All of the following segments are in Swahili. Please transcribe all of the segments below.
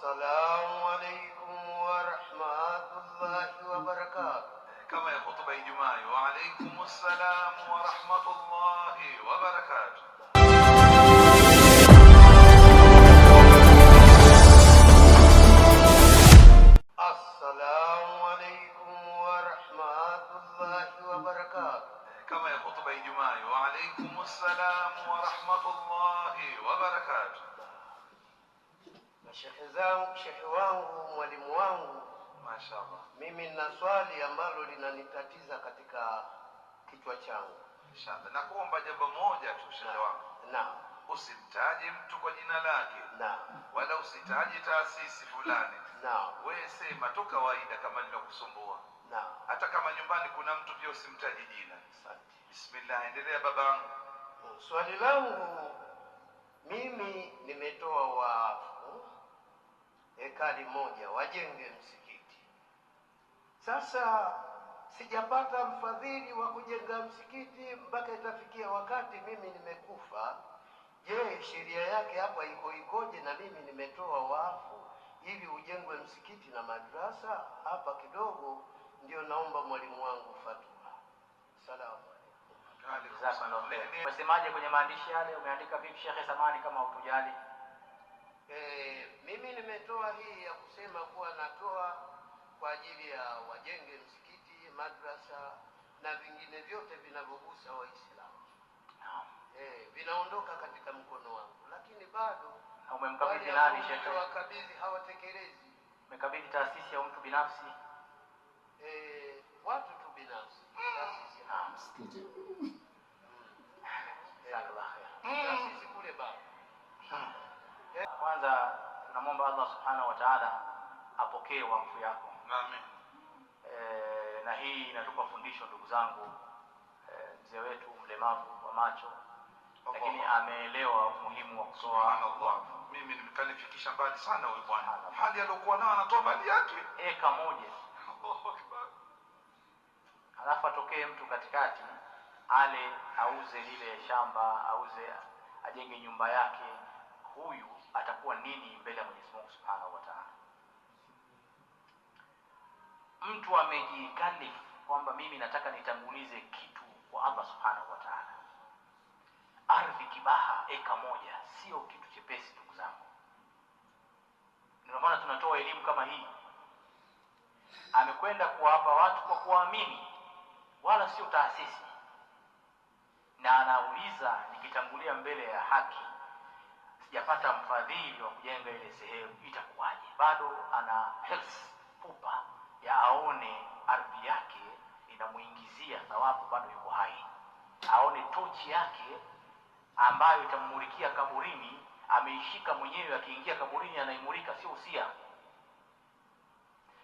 السلام عليكم ورحمة الله وبركاته كما يقول خطبة جماعي وعليكم السلام ورحمة الله وبركاته السلام عليكم ورحمة الله وبركاته كما يقول خطبة جماعي وعليكم السلام ورحمة الله وبركاته Mashehe zangu, shehe wangu, mwalimu wangu, mashaallah, mimi nina swali ambalo linanitatiza katika kichwa changu. Inshallah, nakuomba jambo moja tu shehe wangu. Naam. Usimtaje mtu kwa jina lake. Naam. Wala usitaje taasisi fulani. Naam. Wewe sema tu kawaida kama nimekusumbua. Naam. Hata kama nyumbani kuna mtu pia usimtaje jina. Asante. Bismillah, endelea babangu. Swali langu mimi nimetoa wa hekari moja wajenge msikiti. Sasa sijapata mfadhili wa kujenga msikiti mpaka itafikia wakati mimi nimekufa. Je, sheria yake hapa iko ikoje? Na mimi nimetoa wafu ili ujengwe msikiti na madrasa hapa kidogo. Ndio naomba mwalimu wangu fatwa. Salamu umesemaje kwenye maandishi yale? Umeandika vipi Shekhe? Samani kama hutujali. eh mimi nimetoa hii ya kusema kuwa natoa kwa ajili ya wajenge msikiti, madrasa na vingine vyote vinavyogusa Waislamu eh, vinaondoka katika mkono wangu, lakini bado umemkabidhi nani shekhe? Wakabidhi hawatekelezi. Umekabidhi taasisi au mtu binafsi? Eh, watu tu binafsi, taasisi na msikiti hmm. e, kule bado hmm. kwanza tunamwomba Allah subhanahu wa ta'ala apokee wakfu yako Amen. E, na hii inatupa fundisho ndugu zangu, e, mzee wetu mlemavu wa macho lakini ameelewa umuhimu wa kutoa Mimi nimekanifikisha mbali sana huyu bwana, hali aliyokuwa nayo anatoa mali yake eka moja, alafu atokee mtu katikati ale auze lile shamba, auze ajenge nyumba yake huyu atakuwa nini mbele ya Mwenyezi Mungu Subhanahu wa Ta'ala. Mtu amejikalifu kwamba mimi nataka nitangulize kitu kwa Allah Subhanahu wa Ta'ala. Ardhi Kibaha eka moja sio kitu chepesi, ndugu zangu. Ndio maana tunatoa elimu kama hii. Amekwenda kuwapa watu kwa kuwaamini, wala sio taasisi, na anauliza nikitangulia mbele ya haki sijapata mfadhili wa kujenga ile sehemu, itakuwaje? Bado ana health pupa ya aone ardhi yake inamuingizia thawabu, bado yuko hai, aone tochi yake ambayo itamumulikia kaburini, ameishika mwenyewe, akiingia kaburini anaimulika, sio usia.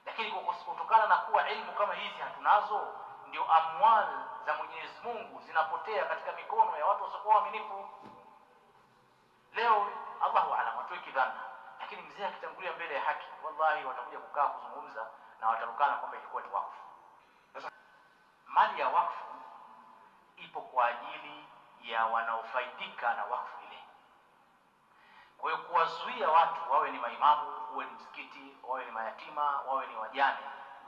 Lakini kutokana na kuwa elimu kama hizi hatunazo, ndio amwal za Mwenyezi Mungu zinapotea katika mikono ya watu wasiokuwa waaminifu. Leo Allahu aalam, watoe kidhana, lakini mzee akitangulia mbele ya haki, wallahi watakuja kukaa kuzungumza na watarukana kwamba ilikuwa ni wakfu. Sasa mali ya wakfu ipo kwa ajili ya wanaofaidika na wakfu ile. Kwa hiyo kuwazuia watu wawe ni maimamu, wawe ni msikiti, wawe ni mayatima, wawe ni wajane,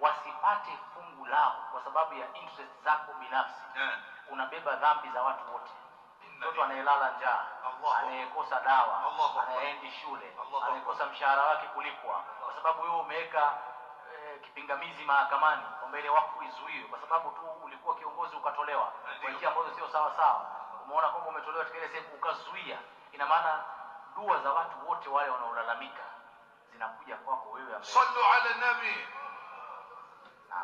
wasipate fungu lao kwa sababu ya interest zako binafsi, eh. unabeba dhambi za watu wote mtoto anayelala njaa, anayekosa dawa, anayeendi shule, anayekosa mshahara wake kulipwa, kwa sababu wewe umeweka eh, kipingamizi mahakamani kwamba ile wakfu izuiwe, kwa sababu tu ulikuwa kiongozi ukatolewa kwa njia ambazo sio sawa sawa. Umeona kwamba umetolewa katika ile sehemu ukazuia, ina maana dua za watu wote wale wanaolalamika zinakuja kwako wewe. Sallu ala nabi.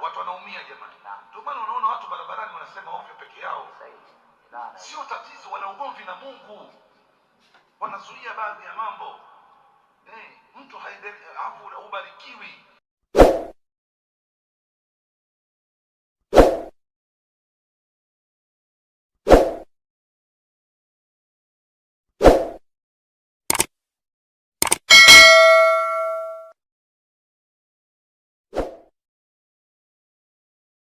Watu wanaumia jamani, ndio maana unaona watu barabarani wanasema ovyo peke yao. Sahihi sio tatizo, wana ugomvi na Mungu, wanazuia baadhi ya mambo eh, mtu haendelee, afu ubarikiwi